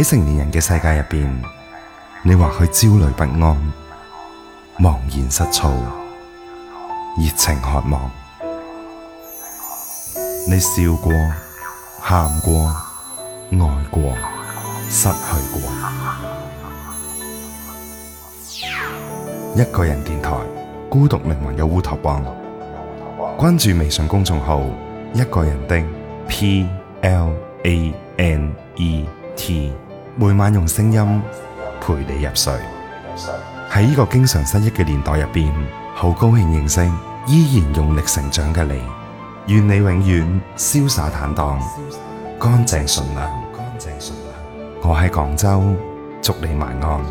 喺成年人嘅世界入邊，你或許焦慮不安、茫然失措、熱情渴望。你笑過、喊過、愛過、失去過。一個人電台，孤獨靈魂有烏托邦。關注微信公眾號“一個人的 P L A N E T”。每晚用聲音陪你入睡。喺呢個經常失憶嘅年代入邊，好高興認識依然用力成長嘅你。願你永遠瀟灑坦蕩、乾淨純良。我喺廣州，祝你晚安。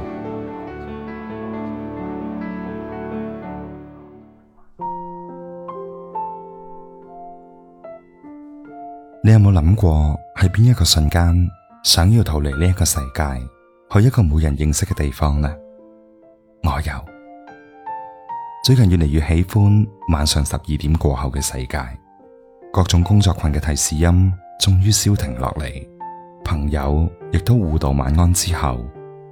你有冇諗過，喺邊一個瞬間，想要逃離呢一個世界，去一個冇人認識嘅地方呢？我有最近越嚟越喜歡晚上十二點過後嘅世界，各種工作群嘅提示音終於消停落嚟，朋友亦都互道晚安之後，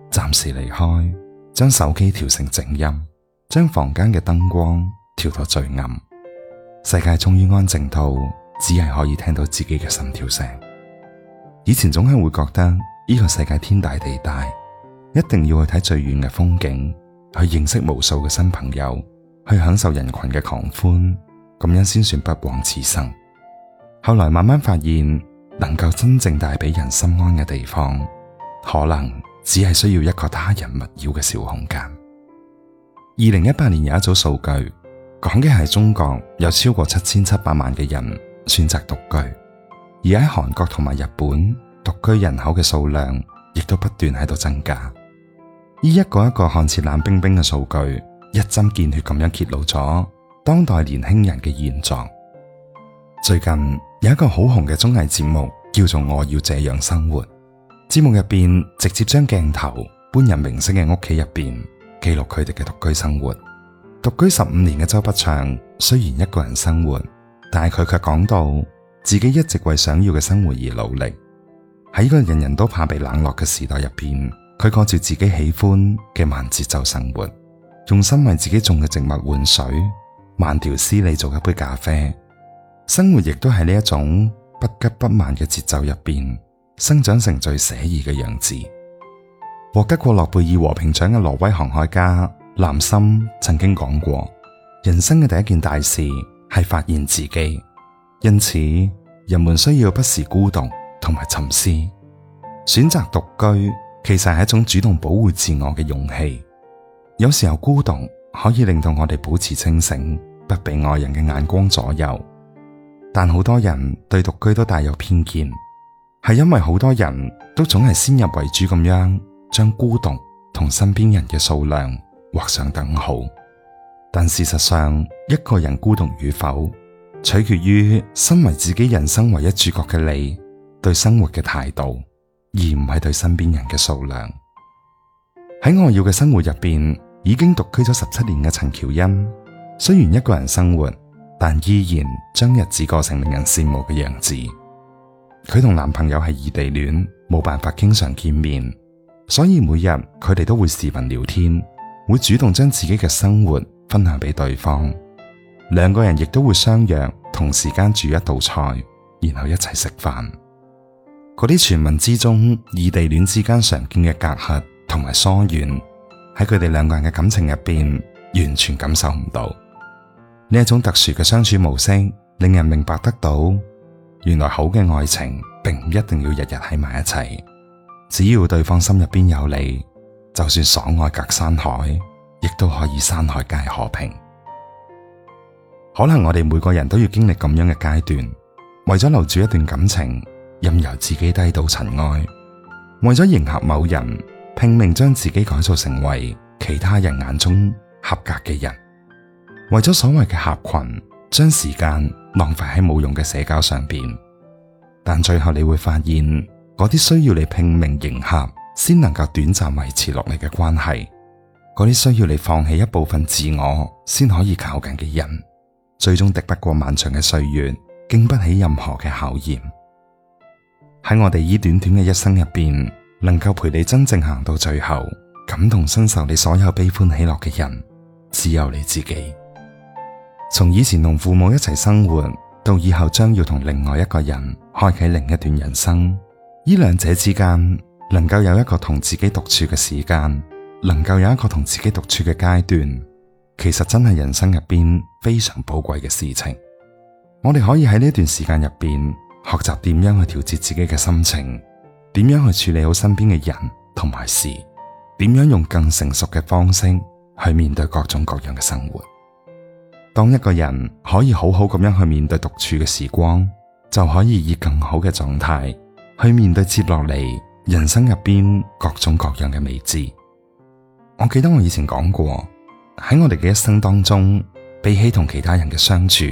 暫時離開，將手機調成靜音，將房間嘅燈光調到最暗，世界終於安靜到只係可以聽到自己嘅心跳聲。以前總係會覺得呢個世界天大地大，一定要去睇最遠嘅風景，去認識無數嘅新朋友，去享受人群嘅狂歡，咁樣先算不枉此生。後來慢慢發現，能夠真正帶俾人心安嘅地方，可能只係需要一個他人勿擾嘅小空間。二零一八年有一組數據，講嘅係中國有超過七千七百萬嘅人選擇獨居。而喺韓國同埋日本，獨居人口嘅數量亦都不斷喺度增加。呢一個一個看似冷冰冰嘅數據，一針見血咁樣揭露咗當代年輕人嘅現狀。最近有一個好紅嘅綜藝節目，叫做《我要這樣生活》。節目入邊直接將鏡頭搬入明星嘅屋企入邊，記錄佢哋嘅獨居生活。獨居十五年嘅周筆暢，雖然一個人生活，但係佢卻講到。自己一直為想要嘅生活而努力，喺一個人人都怕被冷落嘅時代入邊，佢過住自己喜歡嘅慢節奏生活，用心為自己種嘅植物換水，慢條斯理做一杯咖啡。生活亦都係呢一種不急不慢嘅節奏入邊，生長成最寫意嘅樣子。獲得過諾貝爾和平獎嘅挪威航海家南森曾經講過：人生嘅第一件大事係發現自己。因此，人們需要不時孤獨同埋沉思。選擇獨居其實係一種主動保護自我嘅勇氣。有時候孤獨可以令到我哋保持清醒，不被外人嘅眼光左右。但好多人對獨居都帶有偏見，係因為好多人都總係先入為主咁樣將孤獨同身邊人嘅數量畫上等號。但事實上，一個人孤獨與否，取決於身為自己人生唯一主角嘅你對生活嘅態度，而唔係對身邊人嘅數量。喺我要嘅生活入邊，已經獨居咗十七年嘅陳喬恩，雖然一個人生活，但依然將日子過成令人羨慕嘅樣子。佢同男朋友係異地戀，冇辦法經常見面，所以每日佢哋都會視頻聊天，會主動將自己嘅生活分享俾對方。兩個人亦都會相約同時間煮一道菜，然後一齊食飯。嗰啲傳聞之中，異地戀之間常見嘅隔閡同埋疏遠，喺佢哋兩個人嘅感情入邊，完全感受唔到。呢一種特殊嘅相處模式，令人明白得到，原來好嘅愛情並唔一定要日日喺埋一齊，只要對方心入邊有你，就算所愛隔山海，亦都可以山海皆可平。可能我哋每個人都要經歷咁樣嘅階段，為咗留住一段感情，任由自己低到塵埃；為咗迎合某人，拼命將自己改造成為其他人眼中合格嘅人；為咗所謂嘅合群，將時間浪費喺冇用嘅社交上面。但最後你會發現，嗰啲需要你拼命迎合先能夠短暫維持落嚟嘅關係，嗰啲需要你放棄一部分自我先可以靠近嘅人。最終敵不過漫長嘅歲月，經不起任何嘅考驗。喺我哋依短短嘅一生入邊，能夠陪你真正行到最後，感同身受你所有悲歡喜樂嘅人，只有你自己。從以前同父母一齊生活，到以後將要同另外一個人開啟另一段人生，依兩者之間，能夠有一個同自己獨處嘅時間，能夠有一個同自己獨處嘅階段，其實真係人生入邊非常寶貴嘅事情，我哋可以喺呢段時間入邊學習點樣去調節自己嘅心情，點樣去處理好身邊嘅人同埋事，點樣用更成熟嘅方式去面對各種各樣嘅生活。當一個人可以好好咁樣去面對獨處嘅時光，就可以以更好嘅狀態去面對接落嚟人生入邊各種各樣嘅未知。我記得我以前講過。喺我哋嘅一生當中，比起同其他人嘅相處，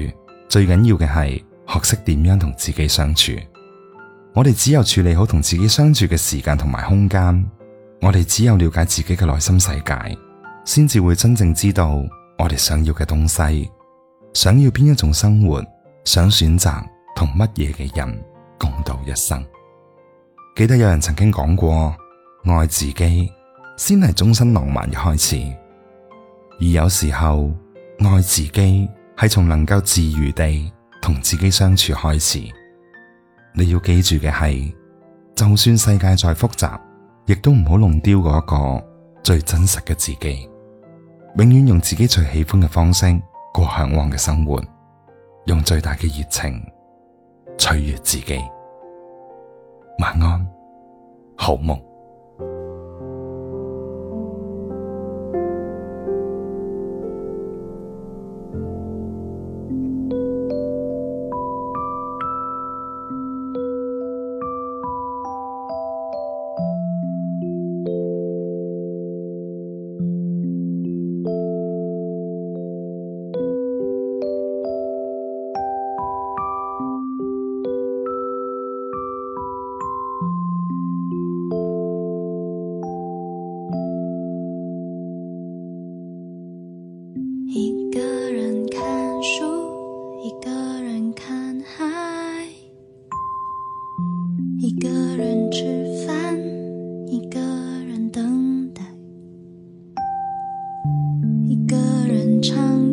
最緊要嘅係學識點樣同自己相處。我哋只有處理好同自己相處嘅時間同埋空間，我哋只有了解自己嘅內心世界，先至會真正知道我哋想要嘅東西，想要邊一種生活，想選擇同乜嘢嘅人共度一生。記得有人曾經講過：「愛自己，先係終身浪漫嘅開始。而有時候，愛自己係從能夠自如地同自己相處開始。你要記住嘅係，就算世界再複雜，亦都唔好弄丟嗰個最真實嘅自己。永遠用自己最喜歡嘅方式過向往嘅生活，用最大嘅熱情取悅自己。晚安，好夢。